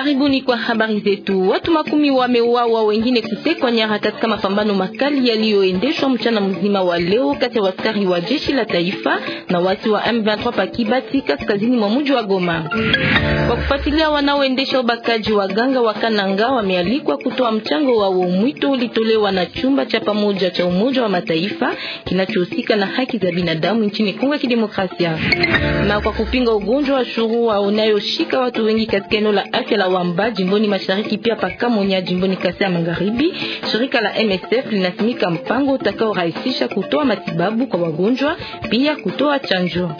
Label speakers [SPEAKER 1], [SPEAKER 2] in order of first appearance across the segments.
[SPEAKER 1] Karibuni kwa habari zetu. Watu makumi wameuawa wengine kutekwa nyara katika mapambano makali yaliyoendeshwa mchana mzima wa leo kati ya askari wa jeshi la taifa na watu wa M23 pakibati kaskazini mwa mji wa Goma. Kwa kufuatilia wanaoendesha ubakaji, waganga wa Kananga wamealikwa kutoa mchango wao. Mwito ulitolewa na chumba cha pamoja cha Umoja wa Mataifa kinachohusika na haki za binadamu nchini Kongo ya Kidemokrasia. Na kwa kupinga ugonjwa wa shurua unayoshika watu wengi katika eneo la afya la Wamba jimboni mashariki, pia Pakamonya jimboni Kasai ya magharibi. Shirika la MSF linasimika mpango utakaorahisisha kutoa matibabu kwa wagonjwa, pia kutoa chanjo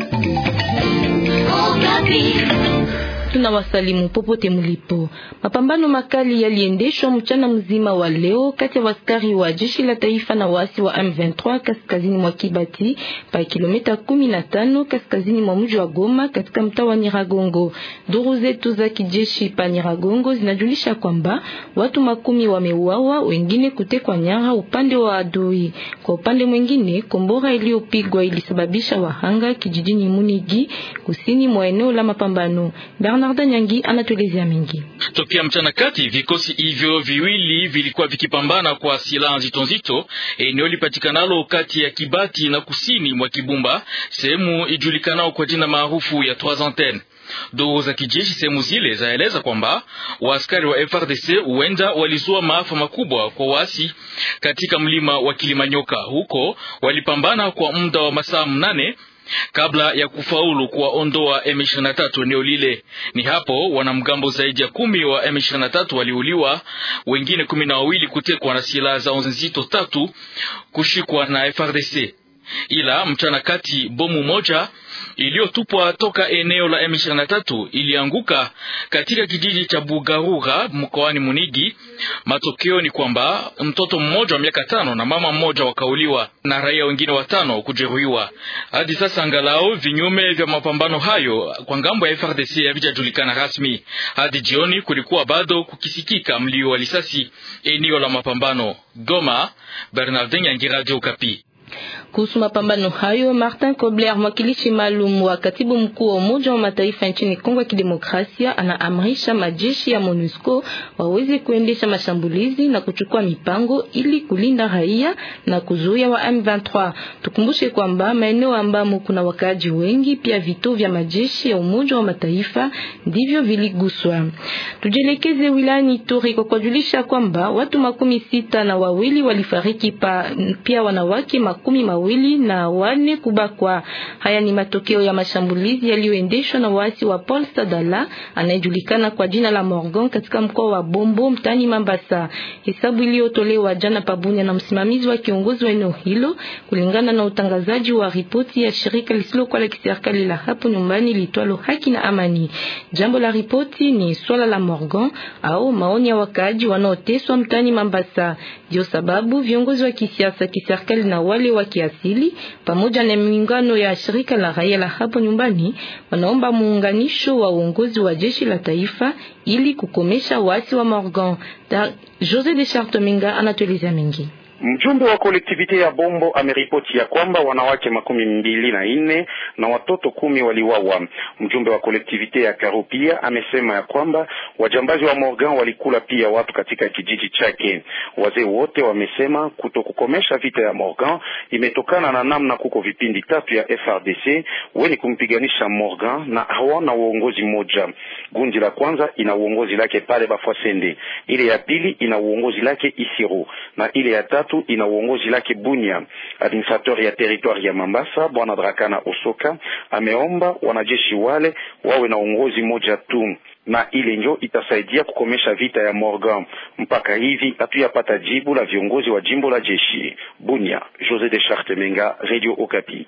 [SPEAKER 1] tunawasalimu popote mlipo. Mapambano makali yaliendeshwa mchana mzima wa leo kati ya waskari wa jeshi la taifa na waasi wa M23 kaskazini mwa Kibati pa kilomita 15 kaskazini mwa mji wa Goma katika mtaa wa Nyiragongo. Duru zetu za kijeshi pa Nyiragongo zinajulisha kwamba watu makumi wameuawa, wengine kutekwa nyara upande wa adui. Kwa upande mwingine, kombora iliyopigwa ilisababisha wahanga kijijini Munigi kusini mwa eneo la mapambano. Bernard Bernarda Nyangi anatuelezea mengi.
[SPEAKER 2] Topia mchana kati, vikosi hivyo viwili vilikuwa vikipambana kwa silaha nzito nzito eneo lipatikanalo kati ya Kibati na kusini mwa Kibumba, sehemu ijulikanao kwa jina maarufu ya Trois Antennes. Duru za kijeshi sehemu zile zaeleza kwamba waaskari wa FRDC huenda walizua maafa makubwa kwa waasi katika mlima wa Kilimanyoka. Huko walipambana kwa muda wa masaa mnane kabla ya kufaulu kuwaondoa M23 eneo lile. Ni hapo wanamgambo zaidi ya kumi wa M23 waliuliwa, wengine kumi na wawili kutekwa na silaha zao nzito tatu kushikwa na FRDC ila mchana kati bomu moja iliyotupwa toka eneo la M23 ilianguka katika kijiji cha Bugarura mkoani Munigi. Matokeo ni kwamba mtoto mmoja wa miaka tano na mama mmoja wakauliwa na raia wengine watano kujeruhiwa. Hadi sasa angalau vinyume vya mapambano hayo kwa ngambo ya FRDC havijajulikana rasmi. Hadi jioni kulikuwa bado kukisikika mlio wa lisasi eneo la mapambano. Goma, Bernardin yangi Radio Okapi.
[SPEAKER 1] Kuhusu mapambano hayo, Martin Kobler, mwakilishi maalum wa katibu mkuu wa Umoja wa Mataifa nchini Kongo ya Kidemokrasia, anaamrisha majeshi ya MONUSCO waweze kuendesha mashambulizi na kuchukua mipango ili kulinda raia na kuzuia wa M23. Tukumbushe kwamba maeneo ambamo kuna wakaaji wengi, pia vituo vya majeshi ya Umoja wa Mataifa ndivyo viliguswa. Tujielekeze wilayani Ituri kwa kujulisha kwamba watu makumi sita na wawili walifariki pa, pia wanawake makumi mawili wawili na wane kubakwa. Haya ni matokeo ya mashambulizi yaliyoendeshwa na waasi wa Paul Sadala anayejulikana kwa jina la Morgan katika mkoa wa Bombo mtani Mambasa. Hesabu iliyotolewa jana pabunya na msimamizi wa kiongozi wa eneo hilo kulingana na utangazaji wa ripoti ya shirika lisilo kwa la kiserikali la hapo nyumbani litwalo Haki na Amani. Jambo la ripoti ni swala la Morgan au maoni ya wakaaji wanaoteswa mtani Mambasa. Ndio sababu viongozi wa kisiasa, kiserikali na wale wa kia asili pamoja na miungano ya shirika la raia la hapo nyumbani wanaomba muunganisho wa uongozi wa jeshi la taifa ili kukomesha waasi wa Morgan. Jose de Chartominga anatueleza mengi.
[SPEAKER 3] Mjumbe wa kolektivite ya Bombo ameripoti ya kwamba wanawake makumi mbili na nne na watoto kumi waliwawa. Mjumbe wa kolektivite ya Karu pia amesema ya kwamba wajambazi wa Morgan walikula pia watu katika kijiji chake. Wazee wote wamesema kutokukomesha vita ya Morgan imetokana na namna kuko vipindi tatu ya FRDC weni kumpiganisha Morgan na hawana uongozi mmoja. Gundi la kwanza ina uongozi lake pale Bafwasende, ile ya pili ina uongozi lake Isiro na ile ya tatu tatu ina uongozi lake Bunia. Administrator ya territoire ya Mambasa bwana Drakana Osoka ameomba wanajeshi wale wawe na uongozi moja tu na ile njo itasaidia kukomesha vita ya Morgan. Mpaka hivi hatuyapata jibu la viongozi wa jimbo la jeshi Bunia. Jose de Charte Menga, Radio Okapi.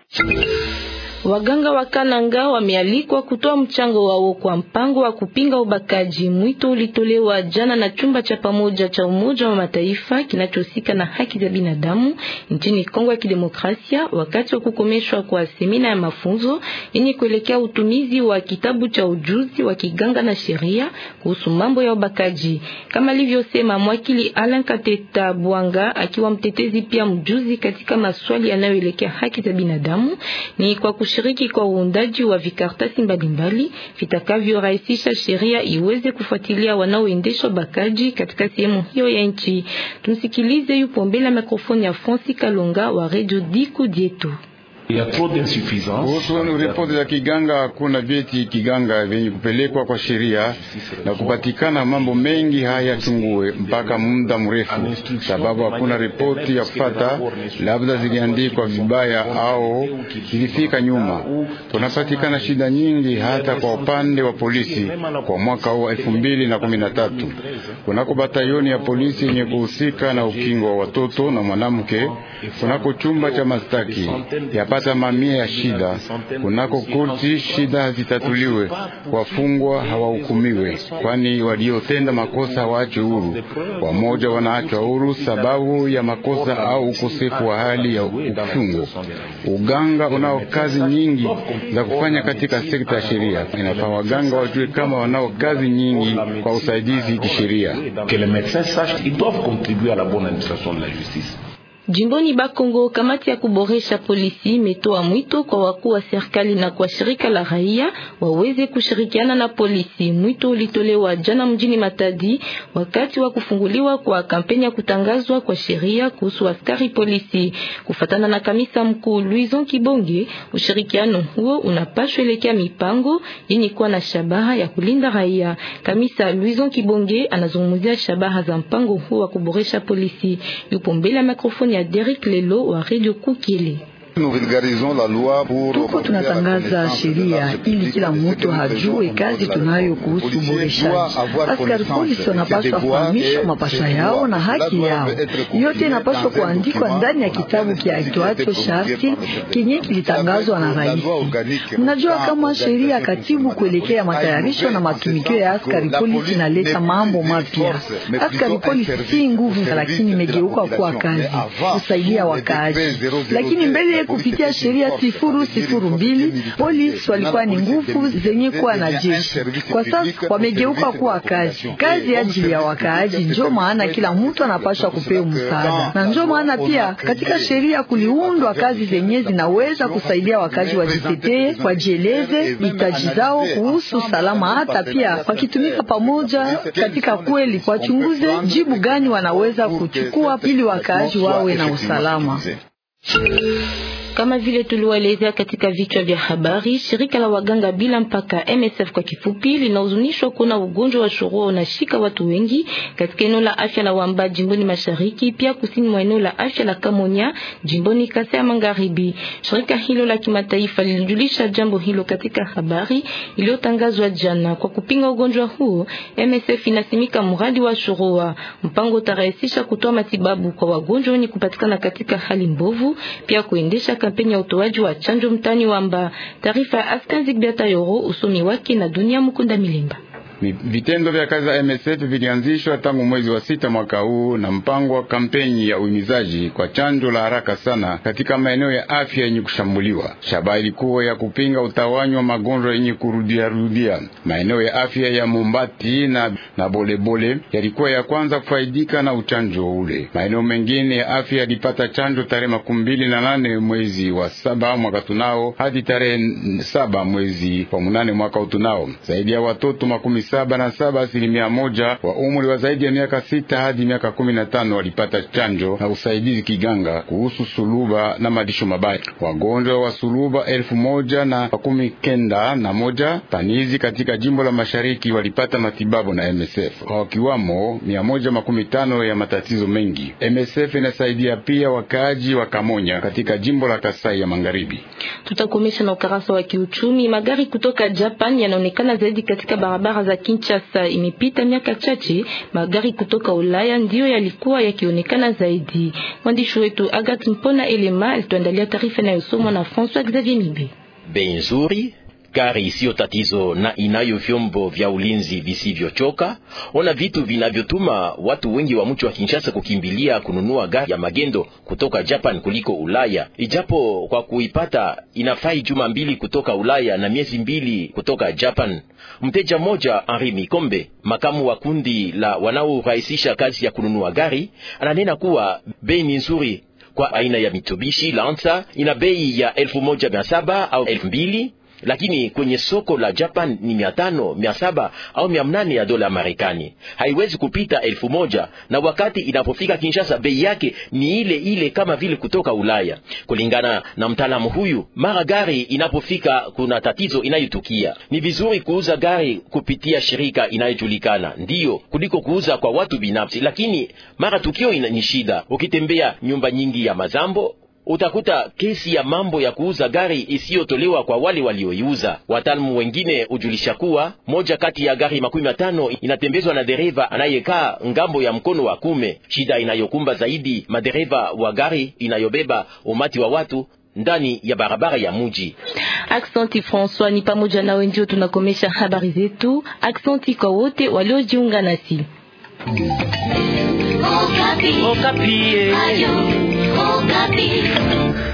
[SPEAKER 1] Waganga wa Kananga wamealikwa kutoa mchango wao kwa mpango wa kupinga ubakaji. Mwito ulitolewa jana na chumba cha pamoja cha Umoja wa Mataifa kinachohusika na haki za binadamu nchini Kongo ya Kidemokrasia wakati wa kukomeshwa kwa semina ya mafunzo yenye kuelekea utumizi wa kitabu cha ujuzi wa kiganga na sheria kuhusu mambo ya ubakaji, kama alivyosema mwakili Alan Kateta Bwanga, akiwa mtetezi pia mjuzi katika maswali yanayoelekea haki za binadamu ni kwa kushiriki kwa uundaji wa vikartasi mbalimbali vitakavyorahisisha sheria iweze kufuatilia wanaoendeshwa bakaji katika sehemu hiyo ya nchi. Tumsikilize, yupo mbele ya mikrofoni ya Fonsi Kalonga wa Radio Diku Dietu
[SPEAKER 4] kuhusu ripoti
[SPEAKER 3] ya kiganga, hakuna vyeti kiganga vyenye kupelekwa kwa sheria na kupatikana. Mambo mengi haya chungue mpaka muda mrefu, sababu hakuna ripoti ya kufata, labda ziliandikwa vibaya au zilifika nyuma. Tunapatikana shida nyingi hata kwa upande wa polisi. Kwa mwaka huu elfu mbili na kumi na tatu kunako batayoni ya polisi yenye kuhusika na ukingo wa watoto na mwanamke, kunako chumba cha mastaki yapata hata mamia ya shida kunako kurti, shida hazitatuliwe, wafungwa hawahukumiwe, kwani waliotenda makosa hawaachwe huru. Wamoja wanaachwa huru sababu ya makosa au ukosefu wa hali ya ufungo. Uganga unao kazi nyingi za kufanya katika sekta ya sheria, inafaa waganga wajue kama wanao kazi nyingi kwa usaidizi kisheria.
[SPEAKER 1] Jimboni Bakongo, kamati ya kuboresha polisi imetoa mwito kwa wakuu wa serikali na kwa shirika la raia waweze kushirikiana na polisi. Mwito ulitolewa jana mjini Matadi wakati wa kufunguliwa kwa kampeni ya kutangazwa kwa sheria kuhusu askari polisi. Kufatana na kamisa mkuu Louison Kibonge, ushirikiano huo unapaswa elekea mipango yenye kuwa na shabaha ya kulinda raia. Kamisa Louison Kibonge anazungumzia shabaha za mpango huo wa kuboresha polisi. Yupo mbele ya mikrofoni ya Derek Lelo à Radio Kukili.
[SPEAKER 3] Tuko tunatangaza
[SPEAKER 1] sheria ili kila mtu hajue kazi tunayo
[SPEAKER 5] kuhusu uboreshaji. Askari polisi wanapaswa kufahamishwa mapasha yao na haki yao yote, inapaswa kuandikwa ndani ya kitabu kiaitwacho sharti kinye kilitangazwa na rais.
[SPEAKER 3] Mnajua kama sheria katibu kuelekea matayarisho na matumikio ya askari polisi inaleta mambo mapya. Askari polisi si nguvu, lakini
[SPEAKER 5] imegeuka kuwa kazi kusaidia wakaaji, lakini mbele kupitia sheria sifuru sifuru mbili, polisi walikuwa ni nguvu zenye kuwa na jeshi, kwa sasa wamegeuka kuwa kazi kazi ajili ya wakaaji. njo maana kila mtu anapaswa kupewa msaada, na njo maana pia katika sheria kuliundwa kazi zenye zinaweza kusaidia wakaaji wajitetee, wajieleze hitaji zao kuhusu salama, hata pia wakitumika pamoja katika kweli, wachunguze jibu gani wanaweza kuchukua
[SPEAKER 1] ili wakaaji wawe na usalama. Kama vile tuliwaelezea katika vichwa vya habari, shirika la waganga bila mpaka MSF kwa kifupi linahuzunishwa kuna ugonjwa wa shurua unashika watu wengi katika eneo la afya la Wamba jimboni Mashariki, pia kusini mwa eneo la afya la Kamonya jimboni Kasai ya Magharibi. Shirika hilo la kimataifa lilijulisha jambo hilo katika habari iliyotangazwa jana. Kwa kupinga ugonjwa huo, MSF inasimika mradi wa shurua. Mpango utarahisisha kutoa matibabu kwa wagonjwa wenye kupatikana katika hali mbovu, pia kuendesha kampeni ya utoaji wa chanjo mtani wamba. Taarifa ya Askan Zigbiata Yoro, usomi wake na Dunia Mukunda Milimba.
[SPEAKER 3] Vitendo vya kazi za MSF vilianzishwa tangu mwezi wa sita mwaka huu na mpango wa kampeni ya uhimizaji kwa chanjo la haraka sana katika maeneo ya afya yenye kushambuliwa. Shabaha ilikuwa ya kupinga utawanyi wa magonjwa yenye kurudiarudia. Maeneo ya afya ya mombati na, na Bolebole yalikuwa ya kwanza kufaidika na uchanjo ule. Maeneo mengine ya afya yalipata chanjo tarehe makumi mbili na nane mwezi wa saba mwaka tunao hadi tarehe saba mwezi wa munane mwaka utunao. Zaidi ya watoto makumi saba na saba asilimia moja wa umri wa zaidi ya miaka sita hadi miaka kumi na tano walipata chanjo na usaidizi kiganga kuhusu suluba na malisho mabaya. Wagonjwa wa suluba elfu moja na makumi kenda na moja panizi katika jimbo la mashariki walipata matibabu na MSF, wakiwamo mia moja makumi tano ya matatizo mengi. MSF inasaidia pia wakaaji wa Kamonya katika jimbo la Kasai ya Magharibi.
[SPEAKER 1] Tutakomesha na ukarasa wa kiuchumi. Magari kutoka Japan yanaonekana zaidi katika barabara za Kinshasa imepita miaka chache, magari kutoka Ulaya ndiyo yalikuwa yakionekana zaidi. Mwandishi wetu Agathe Mpona Elema alituandalia taarifa inayosomwa na François Xavier
[SPEAKER 4] Mibe. Benzuri Gari isiyo tatizo na inayo vyombo vya ulinzi visivyochoka. Ona vitu vinavyotuma watu wengi wa mji wa Kinshasa kukimbilia kununua gari ya magendo kutoka Japan kuliko Ulaya, ijapo kwa kuipata inafai juma mbili kutoka Ulaya na miezi mbili kutoka Japan. Mteja mmoja Henri Mikombe, makamu wa kundi la wanaorahisisha kazi ya kununua gari, ananena kuwa bei ni nzuri kwa aina ya Mitsubishi Lancer ina bei ya elfu moja mia saba au elfu mbili lakini kwenye soko la Japan ni mia tano, mia saba au mia mnane ya dola ya Marekani, haiwezi kupita elfu moja na wakati inapofika Kinshasa bei yake ni ile ile kama vile kutoka Ulaya. Kulingana na mtaalamu huyu, mara gari inapofika kuna tatizo inayotukia. Ni vizuri kuuza gari kupitia shirika inayojulikana ndiyo, kuliko kuuza kwa watu binafsi, lakini mara tukio ni shida. Ukitembea nyumba nyingi ya mazambo utakuta kesi ya mambo ya kuuza gari isiyotolewa kwa wale walioiuza. Wataalamu wengine hujulisha kuwa moja kati ya gari makumi matano inatembezwa na dereva anayekaa ngambo ya mkono wa kume. Shida inayokumba zaidi madereva wa gari inayobeba umati wa watu ndani ya barabara ya muji.
[SPEAKER 1] Aksanti François, ni pamoja nawe ndio tunakomesha habari zetu. Aksanti kwa wote waliojiunga nasi.
[SPEAKER 2] Okapi. Okapi. Okapi.